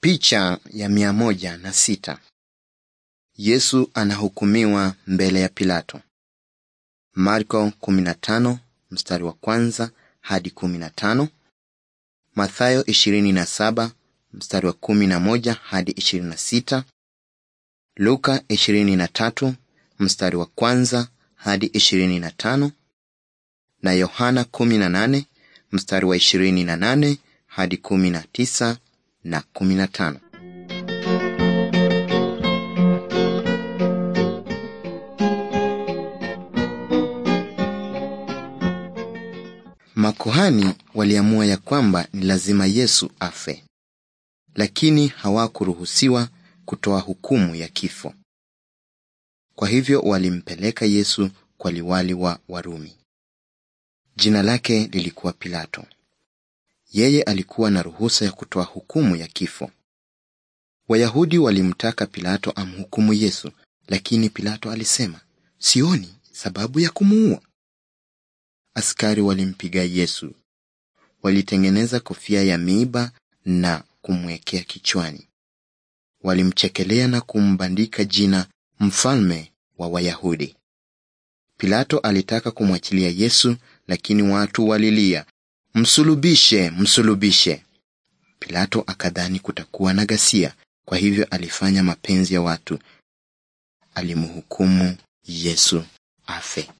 Picha ya mia moja na sita. Yesu anahukumiwa mbele ya Pilato. Marko 15 mstari wa kwanza hadi 15. Mathayo 27 mstari wa 11 hadi 26. Luka 23 mstari wa kwanza hadi 25 na Yohana 18 mstari wa 28 hadi 19 na kumi na tano. Makuhani waliamua ya kwamba ni lazima Yesu afe, lakini hawakuruhusiwa kutoa hukumu ya kifo. Kwa hivyo walimpeleka Yesu kwa liwali wa Warumi. Jina lake lilikuwa Pilato yeye alikuwa na ruhusa ya kutoa hukumu ya kifo. Wayahudi walimtaka Pilato amhukumu Yesu, lakini Pilato alisema, sioni sababu ya kumuua. Askari walimpiga Yesu, walitengeneza kofia ya miiba na kumwekea kichwani, walimchekelea na kumbandika jina mfalme wa Wayahudi. Pilato alitaka kumwachilia Yesu, lakini watu walilia, msulubishe, msulubishe. Pilato akadhani kutakuwa na ghasia, kwa hivyo alifanya mapenzi ya watu, alimhukumu Yesu afe.